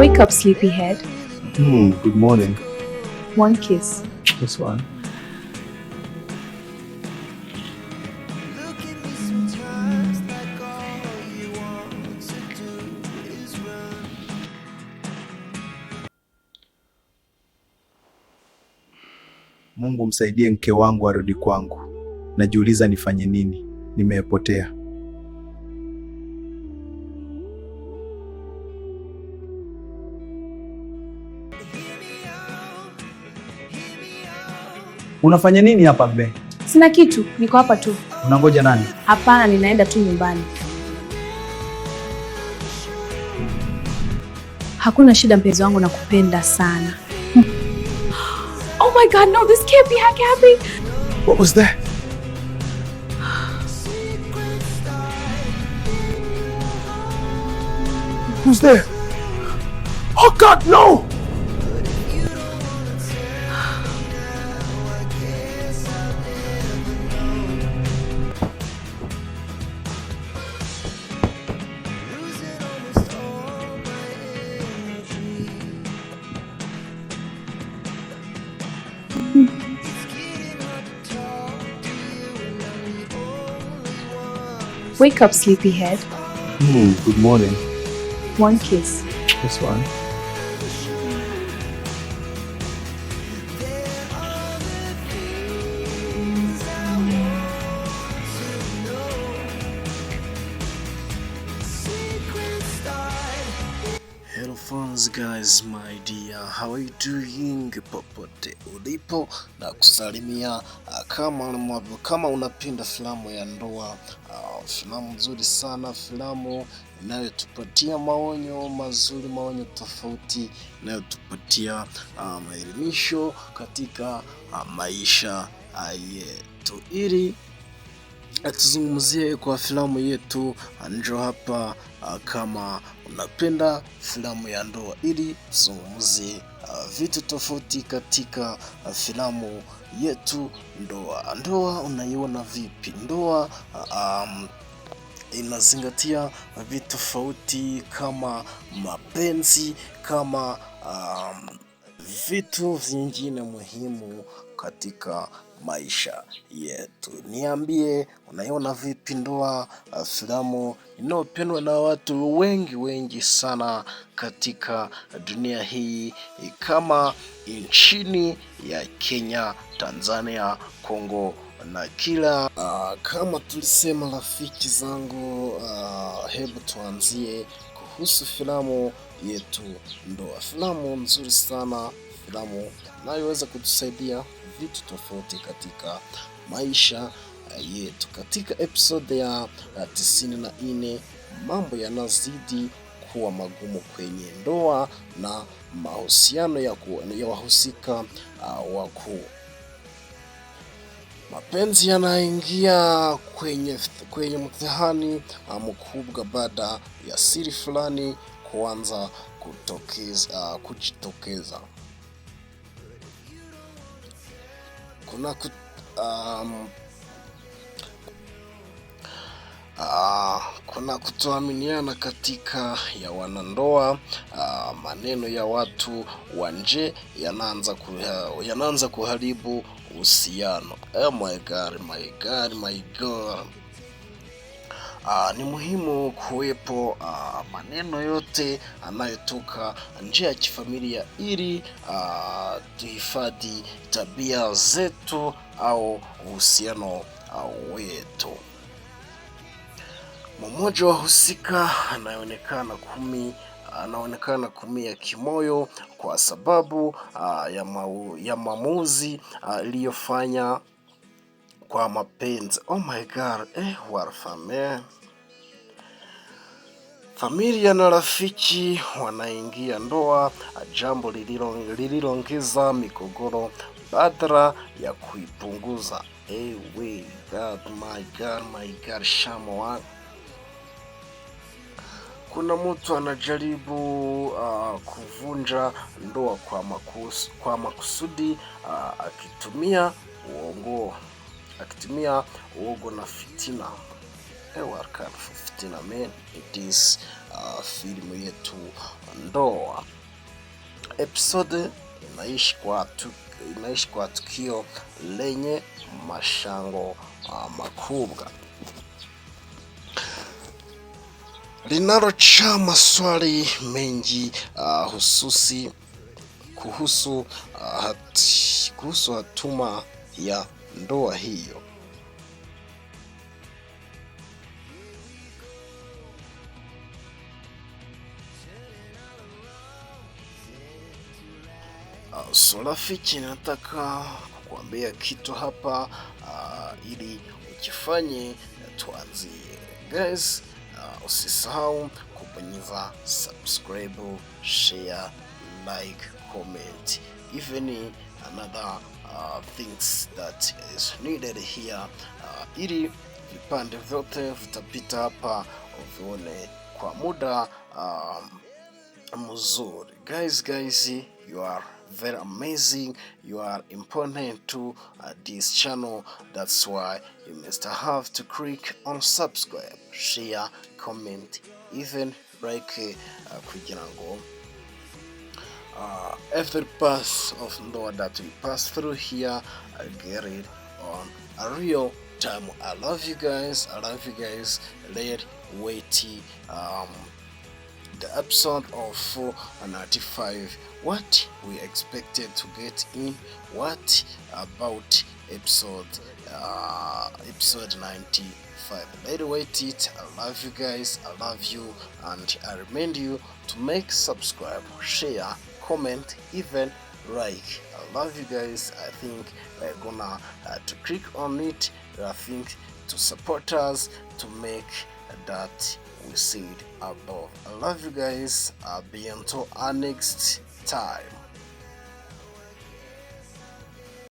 Wake up, sleepyhead. Mm, good morning. One kiss. This one. Mungu msaidie mke wangu arudi kwangu. Najiuliza nifanye nini? Nimepotea. Unafanya nini hapa mbe? Sina kitu, niko hapa tu. Unangoja nani? Hapana, ninaenda tu nyumbani. Hakuna shida mpenzi wangu, nakupenda sana. Oh my god, no, this can't be happy. What was that? Who's there? Oh god, no! Wake up, sleepyhead. Hmm, good morning. One kiss. This one. fans guys my dear, how are you doing popote ulipo, na kusalimia uh, kama, kama unapenda filamu ya ndoa uh, filamu nzuri sana, filamu inayotupatia maonyo mazuri, maonyo tofauti, inayotupatia uh, maelimisho katika uh, maisha uh, yetu ili tuzungumzie kwa filamu yetu njo hapa. Ah, kama unapenda filamu ya ndoa, ili tuzungumzie ah, vitu tofauti katika ah, filamu yetu ndoa. Ndoa unaiona vipi? Ndoa um, inazingatia vitu tofauti kama mapenzi, kama um, vitu vingine muhimu katika maisha yetu. Niambie unaiona vipi ndoa, eh, filamu inayopendwa na watu wengi wengi sana katika dunia hii eh, kama nchini ya Kenya, Tanzania, Kongo na kila uh, kama tulisema rafiki zangu uh, hebu tuanzie kuhusu filamu yetu ndoa. Filamu nzuri sana, filamu inayoweza kutusaidia vitu tofauti katika maisha eh, yetu. Katika episode ya eh, tisini na nne mambo yanazidi kuwa magumu kwenye ndoa na mahusiano ya, ya wahusika uh, wakuu. Mapenzi yanaingia kwenye, kwenye mtihani ah, mkubwa baada ya siri fulani huanza kutokeza, kujitokeza. Kuna kut, um, Uh, kuna kutoaminiana katika ya wanandoa. Uh, maneno ya watu wa nje yanaanza kuha, uh, yanaanza kuharibu uhusiano. Oh my God, my God, my God uh, ni muhimu kuwepo uh, maneno yote anayotoka nje ya kifamilia ili uh, tuhifadhi tabia zetu au uhusiano uh, wetu. Mmoja wa husika anayeonekana kumi anaonekana kumia kimoyo kwa sababu uh, ya maamuzi uh, aliyofanya kwa mapenzi. Oh my god, eh, warfame eh. familia na rafiki wanaingia ndoa, jambo lililoongeza migogoro badala ya kuipunguza. Ewe eh, god, my god, my god, wa ah. kuna mtu anajaribu uh, kuvunja ndoa kwa makus, kwa makusudi uh, akitumia uongo akitumia uongo na fitina. Ewa kind of fitina man, it is uh, filmu yetu ndoa. Episode inaishi kwa, tuk inaishi kwa tukio lenye mashango uh, makubwa linalocha maswali mengi uh, hususi kuhusu, uh, hati, kuhusu hatuma ya ndoa hiyo. Uh, so rafiki, nataka kukuambia kitu hapa uh, ili ukifanye tuanzie. Guys, uh, usisahau kubonyeza subscribe, share, like, comment even another uh, things that is needed here uh, ili vipande vyote vitapita hapa uvione kwa muda um, mzuri. Guys, guys, you are very amazing. You are important to uh, this channel. That's why you must have to click on subscribe, share, comment, even like uh, kugira ngo uh, every pass of law that we pass through here I get it on a real time I love you guys I love you guys let weighty um, the episode of 495 what we expected to get in what about episode uh, episode 95 let wait it i love you guys i love you and i remind you to make subscribe share comment, even like. I love you guys. I think we're gonna uh, to click on it. I think to support us to make that we said above. I love you guys. I'll be until our next time.